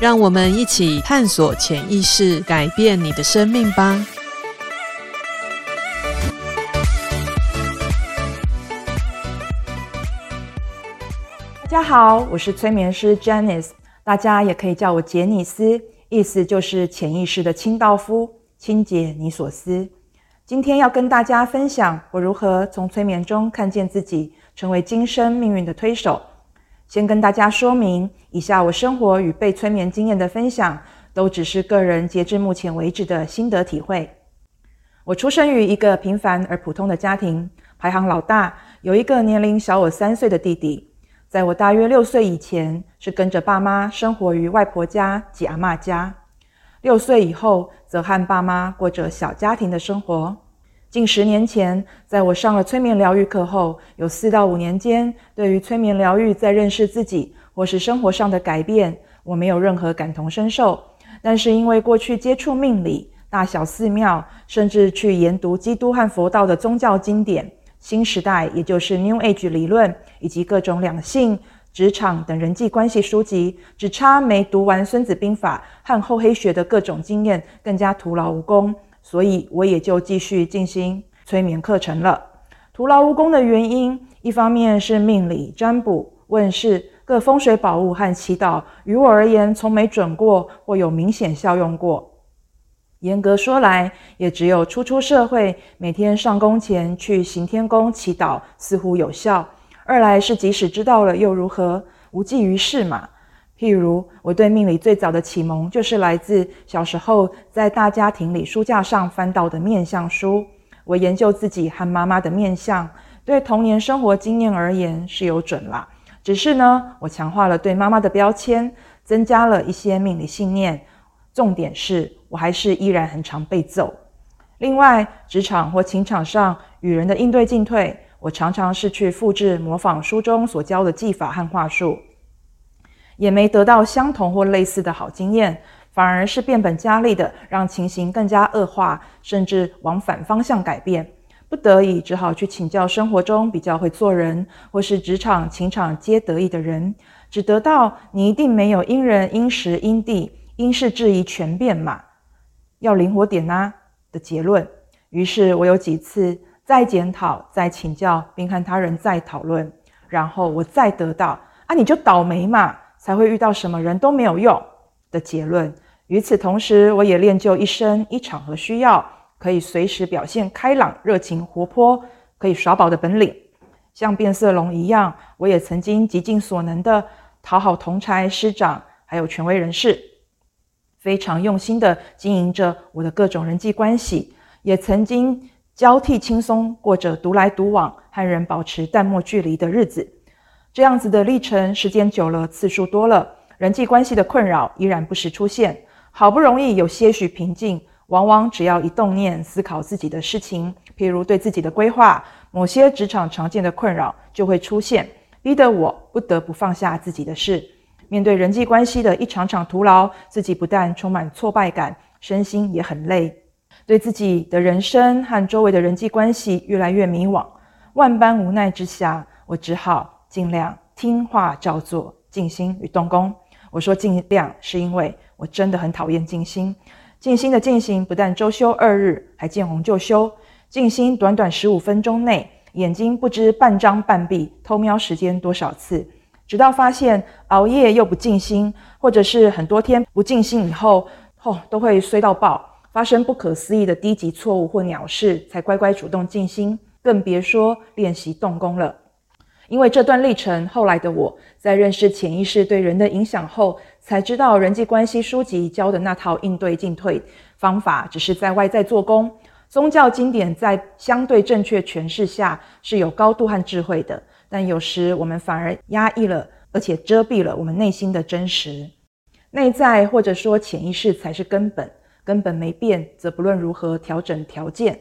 讓我們一起探索潛意識，改變你的生命吧！大家好，我是催眠師 Janice，大家也可以叫我傑尼斯，意思就是潛意識的清道夫，清潔你所思。今天要跟大家分享我如何從催眠中看見自己，成為今生命運的推手。先跟大家說明，以下我生活與被催眠經驗的分享，都只是個人截至目前為止的心得體會。我出生於一個平凡而普通的家庭，排行老大，有一個年齡小我三歲的弟弟。在我大約六歲以前，是跟着爸媽生活於外婆家及阿嬤家；六歲以後，則和爸媽過着小家庭的生活。近十年前，在我上了催眠療癒課後，有四到五年間，對於催眠療癒在認識自己或是生活上的改變，我沒有任何感同身受。但是因為過去接觸命理、大小寺廟，甚至去研讀基督和佛道的宗教經典、新時代（也就是 New Age 理論）以及各種兩性、職場等人際關係書籍，只差沒讀完《孫子兵法》和厚黑學的各種經驗，更加徒勞無功。所以我也就繼續進行催眠課程了，徒勞無功的原因，一方面是命理占卜、問事、各風水寶物和祈禱，於我而言從沒準過或有明顯效用過。嚴格說來，也只有初出社會，每天上工前去行天宮祈禱似乎有效。二來是即使知道了又如何，無濟於事嘛。譬如，我對命理最早的啟蒙，就是來自小時候在大家庭裡書架上翻到的面相書。我研究自己和媽媽的面相，對童年生活經驗而言是有準啦。只是呢，我強化了對媽媽的標籤，增加了一些命理信念。重點是，我還是依然很常被揍。另外，職場或情場上與人的應對進退，我常常是去複製模仿書中所教的技法和話術。也沒得到相同或類似的好經驗，反而是變本加厲的讓情形更加惡化，甚至往反方向改變。不得已，只好去請教生活中比較會做人，或是職場、情場皆得意的人，只得到，你一定沒有因人、因時、因地、因事質疑全變嘛，要靈活點吶、啊、的結論。於是，我有幾次再檢討、再請教，並看他人再討論，然後我再得到，啊，你就倒霉嘛。才會遇到什麼人都沒有用的結論。與此同時，我也練就一身，依場合需要可以隨時表現開朗、熱情、活潑，可以耍寶的本領，像變色龍一樣。我也曾經極盡所能的討好同儕師長，還有權威人士，非常用心的經營着我的各種人際關係。也曾經交替輕鬆過着獨來獨往，和人保持淡漠距離的日子。這樣子的歷程，時間久了，次數多了，人際關係的困擾依然不時出現。好不容易有些許平靜，往往只要一動念思考自己的事情，譬如對自己的規劃，某些職場常見的困擾就會出現，逼得我不得不放下自己的事。面對人際關係的一場場徒勞，自己不但充滿挫敗感，身心也很累，對自己的人生和周圍的人際關係越來越迷惘，萬般無奈之下，我只好……盡量聽話照做，靜心與動功。我說盡量，是因為我真的很討厭靜心。靜心的進行不但周休二日，還見紅就休。靜心短短十五分鐘內，眼睛不知半張半閉，偷瞄時間多少次，直到發現熬夜又不靜心，或者是很多天不靜心以後，吼、哦、都會衰到爆，發生不可思議的低級錯誤或鳥事，才乖乖主動靜心，更別說練習動功了。因為這段歷程，後來的我在認識潛意識對人的影響後，才知道人際關係書籍教的那套應對進退方法，只是在外在做工。宗教經典在相對正確詮釋下是有高度和智慧的，但有時我們反而壓抑了，而且遮蔽了我們內心的真實。內在或者說潛意識才是根本，根本沒變，則不論如何調整條件，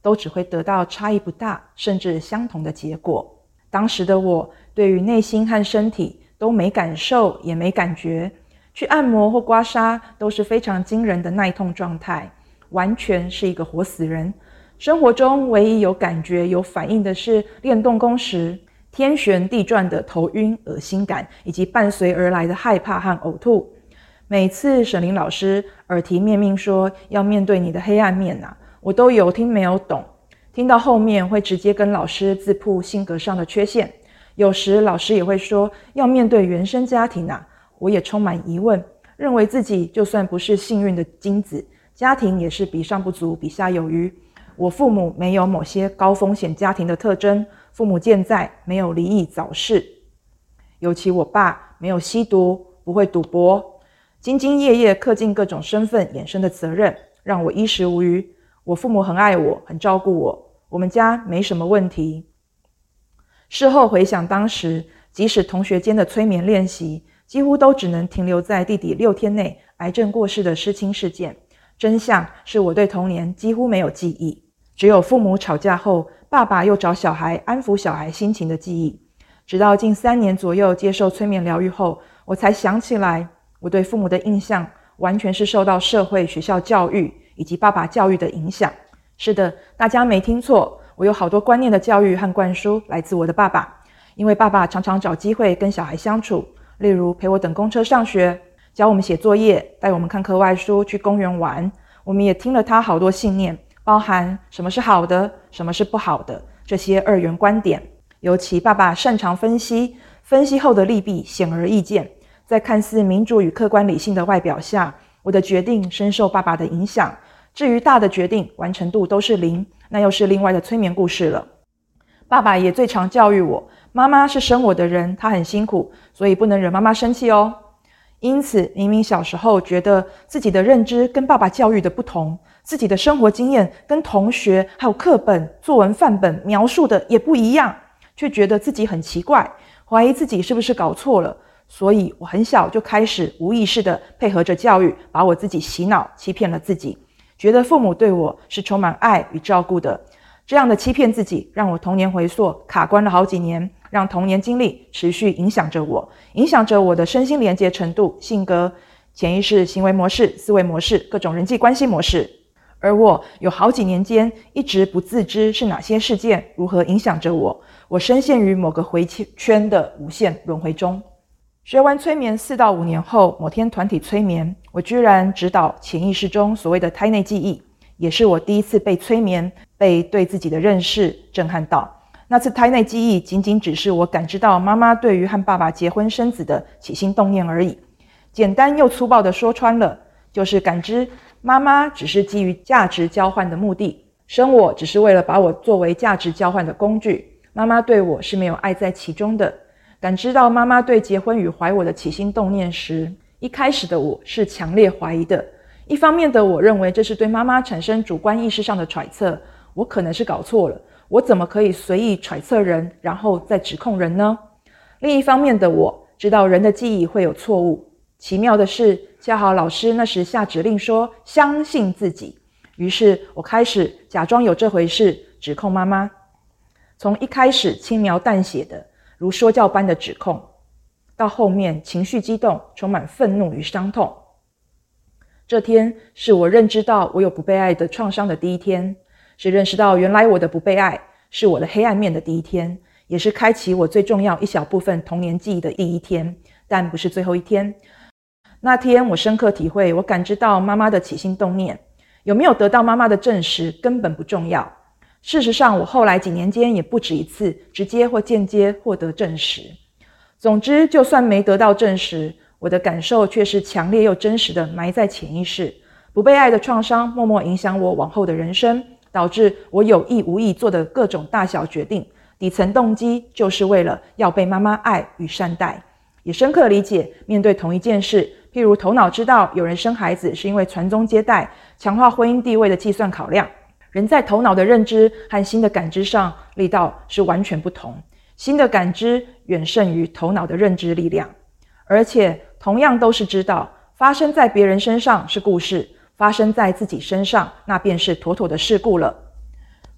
都只會得到差異不大，甚至相同的結果。當時的我，對於內心和身體都沒感受，也沒感覺。去按摩或刮痧都是非常驚人的耐痛狀態，完全是一個活死人。生活中唯一有感覺有反應的是練動功時，天旋地轉的頭暈、噁心感，以及伴隨而來的害怕和嘔吐。每次沈伶老師耳提面命說要面對你的黑暗面吶、啊，我都有聽沒有懂。聽到後面會直接跟老師自曝性格上的缺陷，有時老師也會說要面對原生家庭啊，我也充滿疑問，認為自己就算不是幸運的精子，家庭也是比上不足，比下有餘。我父母沒有某些高風險家庭的特徵，父母健在，沒有離異早逝，尤其我爸沒有吸毒，不會賭博，兢兢業業恪盡各種身份衍生的責任，讓我衣食無虞。我父母很愛我，很照顧我。我們家沒什麼問題。事後回想，當時即使同學間的催眠練習，幾乎都只能停留在弟弟六天內癌症過世的失親事件。真相是我對童年幾乎沒有記憶，只有父母吵架後，爸爸又找小孩安撫小孩心情的記憶。直到近三年左右接受催眠療癒後，我才想起來，我對父母的印象完全是受到社會、學校教育以及爸爸教育的影響。是的，大家沒聽錯，我有好多觀念的教育和灌輸來自我的爸爸。因為爸爸常常找機會跟小孩相處，例如陪我等公車上學，教我們寫作業，帶我們看課外書，去公園玩。我們也聽了他好多信念，包含什麼是好的，什麼是不好的，這些二元觀點。尤其爸爸擅長分析，分析後的利弊顯而易見。在看似民主與客觀理性的外表下，我的決定深受爸爸的影響。至於大的決定完成度都是零，那又是另外的催眠故事了。爸爸也最常教育我，媽媽是生我的人，她很辛苦，所以不能惹媽媽生氣哦。因此，明明小時候覺得自己的認知跟爸爸教育的不同，自己的生活經驗跟同學還有課本作文範本描述的也不一樣，卻覺得自己很奇怪，懷疑自己是不是搞錯了。所以，我很小就開始無意識地配合着教育，把我自己洗腦，欺騙了自己。覺得父母對我是充滿愛與照顧的，這樣的欺騙自己，讓我童年回溯卡關了好幾年，讓童年經歷持續影響着我，影響着我的身心連接程度、性格、潛意識、行為模式、思維模式、各種人際關係模式。而我有好幾年間一直不自知是哪些事件如何影響着我，我深陷於某個回圈的無限輪迴中。學完催眠四到五年後，某天團體催眠，我居然直搗潛意識中所謂的胎內記憶，也是我第一次被催眠，被對自己的認識震撼到。那次胎內記憶僅僅只是我感知到媽媽對於和爸爸結婚生子的起心動念而已。簡單又粗暴地說穿了，就是感知媽媽只是基於價值交換的目的，生我只是為了把我作為價值交換的工具。媽媽對我是沒有愛在其中的。感知到媽媽對結婚與懷我的起心動念時。一開始的我是強烈懷疑的，一方面的我認為這是對媽媽產生主觀意識上的揣測，我可能是搞錯了，我怎麼可以隨意揣測人，然後再指控人呢？另一方面的我知道人的記憶會有錯誤，奇妙的是，恰好老師那時下指令說相信自己，於是我開始假裝有這回事指控媽媽，從一開始輕描淡寫的如說教般的指控。到後面，情緒激動，充滿憤怒與傷痛。這天是我認知到我有不被愛的創傷的第一天，是認識到原來我的不被愛是我的黑暗面的第一天，也是開啟我最重要一小部分童年記憶的第一天，但不是最後一天。那天我深刻體會，我感知到媽媽的起心動念，有沒有得到媽媽的證實根本不重要。事實上，我後來幾年間也不止一次直接或間接獲得證實。總之，就算沒得到證實，我的感受卻是強烈又真實的，埋在潛意識，不被愛的創傷，默默影響我往後的人生，導致我有意無意做的各種大小決定，底層動機就是為了要被媽媽愛與善待。也深刻理解，面對同一件事，譬如頭腦知道有人生孩子是因為傳宗接代、強化婚姻地位的計算考量，人在頭腦的認知和心的感知上力道是完全不同。心的感知遠勝於頭腦的認知力量，而且同樣都是知道發生在別人身上是故事，發生在自己身上那便是妥妥的事故了。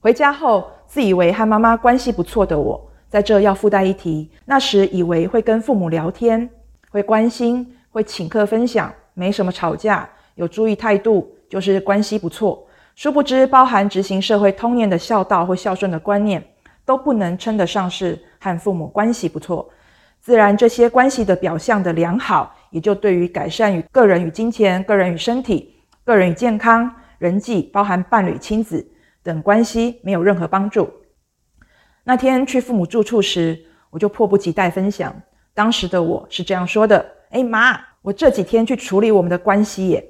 回家後，自以為和媽媽關係不錯的我，在這要附帶一提，那時以為會跟父母聊天，會關心，會請客分享，沒什麼吵架，有注意態度，就是關係不錯。殊不知，包含執行社會通念的孝道或孝順的觀念。都不能稱得上是和父母關係不錯，自然這些關係的表象的良好，也就對於改善與個人與金錢、個人與身體、個人與健康、人際包含伴侶、親子等關係沒有任何幫助。那天去父母住處時，我就迫不及待分享，當時的我是這樣說的：“哎，媽，我這幾天去處理我們的關係耶。”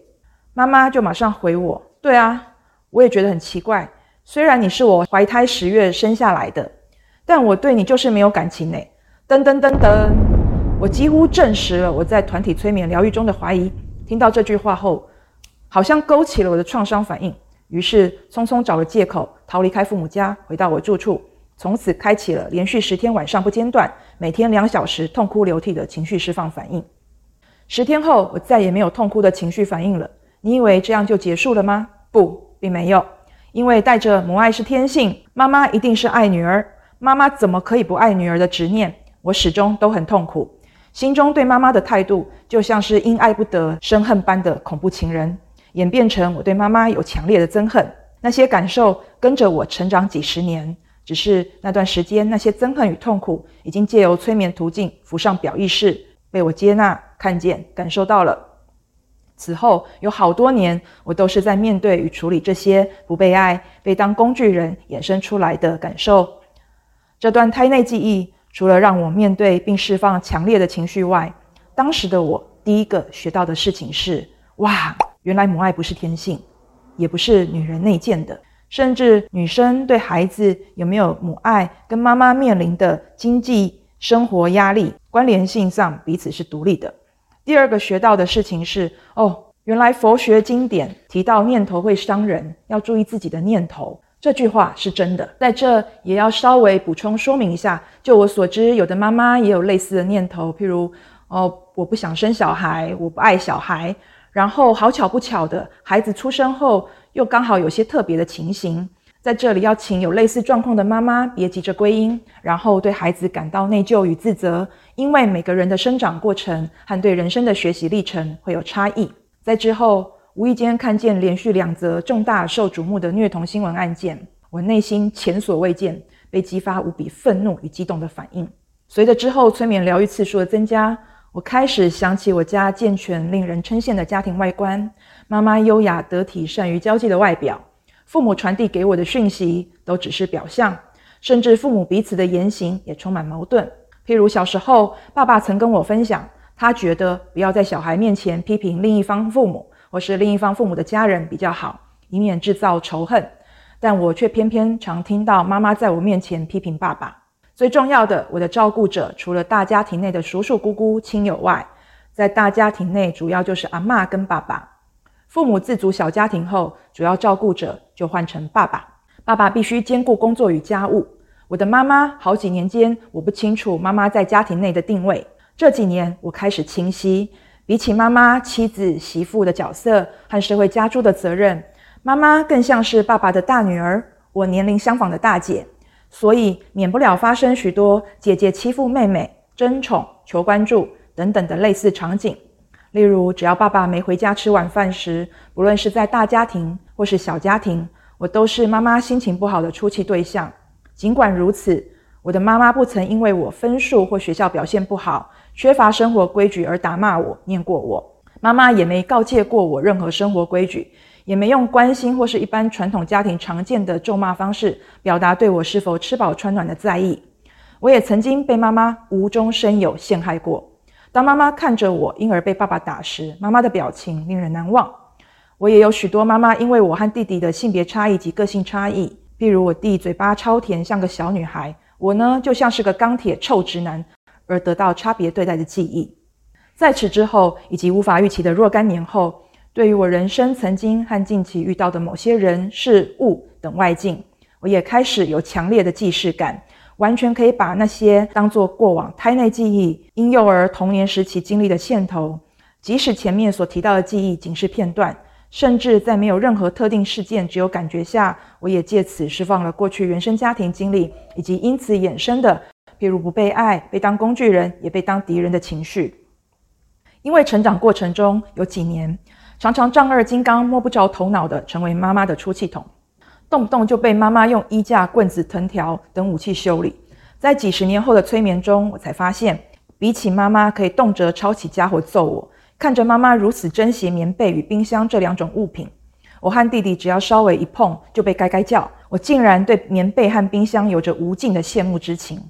媽媽就馬上回我：“對啊，我也覺得很奇怪。”雖然你是我懷胎十月生下來的，但我對你就是沒有感情耶。噔噔噔噔，我幾乎證實了我在團體催眠療癒中的懷疑。聽到這句話後，好像勾起了我的創傷反應，於是匆匆找了借口，逃離開父母家，回到我住處，從此開啟了連續十天晚上不間斷、每天兩小時痛哭流涕的情緒釋放反應。十天後，我再也沒有痛哭的情緒反應了。你以為這樣就結束了嗎？不，並沒有。因為帶着母愛是天性，媽媽一定是愛女兒，媽媽怎麼可以不愛女兒的執念，我始終都很痛苦。心中對媽媽的態度就像是因愛不得生恨般的恐怖情人，演變成我對媽媽有強烈的憎恨。那些感受跟着我成長幾十年，只是那段時間，那些憎恨與痛苦已經借由催眠途徑浮上表意識，被我接納、看見、感受到了。此後有好多年，我都是在面對與處理這些不被愛、被當工具人衍生出來的感受。這段胎內記憶，除了讓我面對並釋放強烈的情緒外，當時的我第一個學到的事情是：哇，原來母愛不是天性，也不是女人內建的，甚至女生對孩子有沒有母愛，跟媽媽面臨的經濟生活壓力關聯性上，彼此是獨立的。第二個學到的事情是，哦，原來佛學經典提到念頭會傷人，要注意自己的念頭。這句話是真的。在這也要稍微補充說明一下，就我所知，有的媽媽也有類似的念頭，譬如，哦，我不想生小孩，我不愛小孩。然後好巧不巧的，孩子出生後又剛好有些特別的情形。在這裡，要請有類似狀況的媽媽別急着歸因，然後對孩子感到內疚與自責，因為每個人的生長過程和對人生的學習歷程會有差異。在之後，無意間看見連續兩則重大受矚目的虐童新聞案件，我內心前所未見，被激發無比憤怒與激動的反應。隨着之後催眠療癒次數的增加，我開始想起我家健全、令人稱羨的家庭外觀，媽媽優雅得體、善於交際的外表。父母傳遞給我的訊息都只是表象，甚至父母彼此的言行也充滿矛盾。譬如小時候，爸爸曾跟我分享，他覺得不要在小孩面前批評另一方父母或是另一方父母的家人比較好，以免制造仇恨。但我卻偏偏常聽到媽媽在我面前批評爸爸。最重要的，我的照顧者除了大家庭內的叔叔姑姑、親友外，在大家庭內主要就是阿嬤跟爸爸。父母自組小家庭後，主要照顧者就換成爸爸。爸爸必須兼顧工作與家務。我的媽媽好幾年間，我不清楚媽媽在家庭內的定位。這幾年我開始清晰，比起媽媽、妻子、媳婦的角色和社會家族的責任，媽媽更像是爸爸的大女兒，我年齡相仿的大姐。所以免不了發生許多姐姐欺負妹妹、爭寵、求關注等等的類似場景。例如，只要爸爸沒回家吃晚飯時，不論是在大家庭或是小家庭，我都是媽媽心情不好的出氣對象。儘管如此，我的媽媽不曾因為我分數或學校表現不好、缺乏生活規矩而打罵我、念過我。媽媽也沒告誡過我任何生活規矩，也沒用關心或是一般傳統家庭常見的咒罵方式表達對我是否吃飽穿暖的在意。我也曾經被媽媽無中生有陷害過。當媽媽看着我嬰兒被爸爸打時，媽媽的表情令人難忘。我也有許多媽媽因為我和弟弟的性別差異及個性差異，譬如我弟嘴巴超甜，像個小女孩，我呢就像是個鋼鐵臭直男，而得到差別對待的記憶。在此之後，以及無法預期的若干年後，對於我人生曾經和近期遇到的某些人、事、物等外境，我也開始有強烈的既視感。完全可以把那些當做過往胎內記憶、嬰幼兒童年時期經歷的線頭，即使前面所提到的記憶僅是片段，甚至在沒有任何特定事件、只有感覺下，我也借此釋放了過去原生家庭經歷以及因此衍生的，譬如不被愛、被當工具人、也被當敵人的情緒，因為成長過程中有幾年，常常丈二金剛摸不着頭腦的成為媽媽的出氣筒。動不動就被媽媽用衣架、棍子、藤條等武器修理。在幾十年後的催眠中，我才發現，比起媽媽可以動輒抄起家伙揍我，看着媽媽如此珍惜棉被與冰箱這兩種物品，我和弟弟只要稍微一碰就被該該叫。我竟然對棉被和冰箱有着無盡的羨慕之情。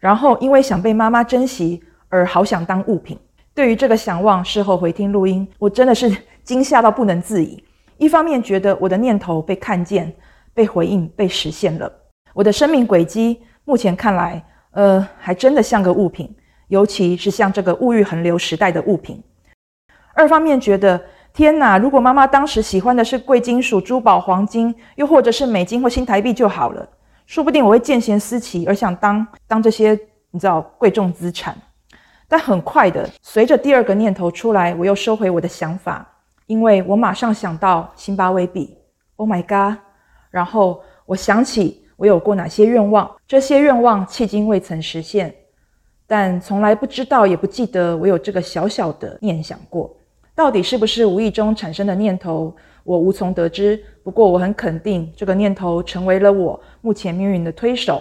然後因為想被媽媽珍惜而好想當物品。對於這個想望，事後回聽錄音，我真的是驚嚇到不能自已。一方面覺得我的念頭被看見。被回應，被實現了。我的生命軌跡目前看來，呃，還真的像個物品，尤其是像這個物欲橫流時代的物品。二方面覺得，天哪！如果媽媽當時喜歡的是貴金屬、珠寶、黃金，又或者是美金或新台幣就好了，說不定我會見賢思齊，而想當當這些你知道貴重資產。但很快的，隨着第二個念頭出來，我又收回我的想法，因為我馬上想到辛巴威幣。Oh my God！然後我想起我有過哪些願望，這些願望迄今未曾實現，但從來不知道也不記得我有這個小小的念想過。到底是不是無意中產生的念頭，我無從得知。不過我很肯定，這個念頭成為了我目前命運的推手。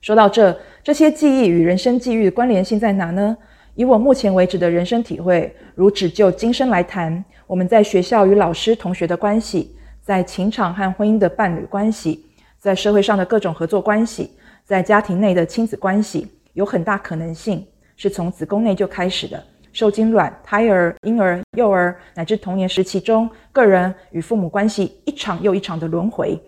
說到這，這些記憶與人生際遇的關聯性在哪呢？以我目前為止的人生體會，如只就今生來談，我們在學校與老師同學的關係，在情場和婚姻的伴侶關係，在社會上的各種合作關係，在家庭內的親子關係，有很大可能性是從子宮內就開始的。受精卵、胎兒、嬰兒、幼兒乃至童年時期中，個人與父母關係一場又一場的輪迴。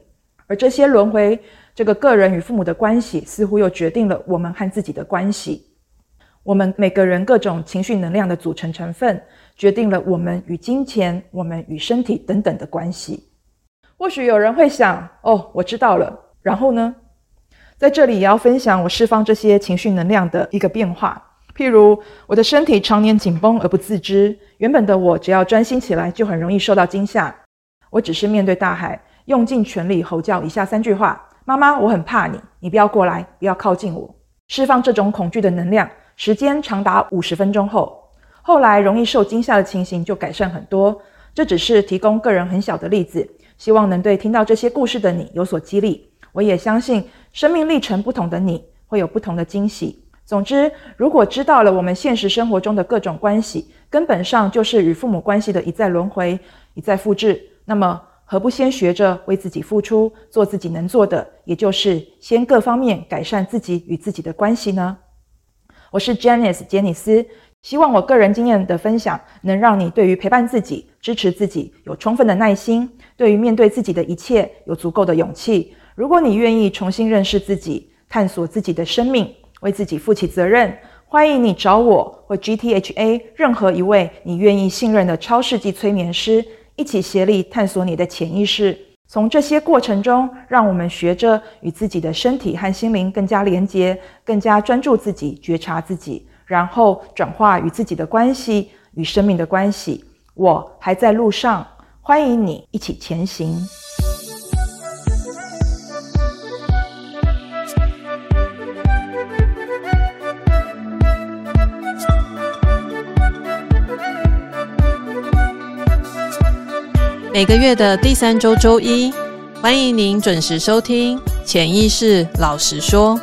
而這些輪迴，這個個人與父母的關係，似乎又決定了我們和自己的關係。我們每個人各種情緒能量的組成成分，決定了我們與金錢、我們與身體等等的關係。或許有人會想，哦，我知道了。然後呢，在這裡也要分享我釋放這些情緒能量的一個變化。譬如，我的身體常年緊繃而不自知，原本的我只要專心起來就很容易受到驚嚇。我只是面對大海，用盡全力吼叫以下三句話：媽媽，我很怕你，你不要過來，不要靠近我。釋放這種恐懼的能量，時間長達五十分鐘後，後來容易受驚嚇的情形就改善很多。這只是提供個人很小的例子。希望能對聽到這些故事的你有所激勵。我也相信，生命歷程不同的你會有不同的驚喜。總之，如果知道了我們現實生活中的各種關係，根本上就是與父母關係的一再輪回、一再複製，那麼何不先學着為自己付出，做自己能做的，也就是先各方面改善自己與自己的關係呢？我是 Janice 傑尼斯，希望我個人經驗的分享能讓你對於陪伴自己、支持自己有充分的耐心。對於面對自己的一切有足夠的勇氣。如果你願意重新認識自己，探索自己的生命，為自己負起責任，歡迎你找我或 GTHA 任何一位你願意信任的超世紀催眠師，一起協力探索你的潛意識。從這些過程中，讓我們學着與自己的身體和心靈更加連結，更加專注自己，覺察自己，然後轉化與自己的關係，與生命的關係。我還在路上。歡迎你一起前行。每個月的第三周周一，歡迎您準時收聽《潛意識老實說》。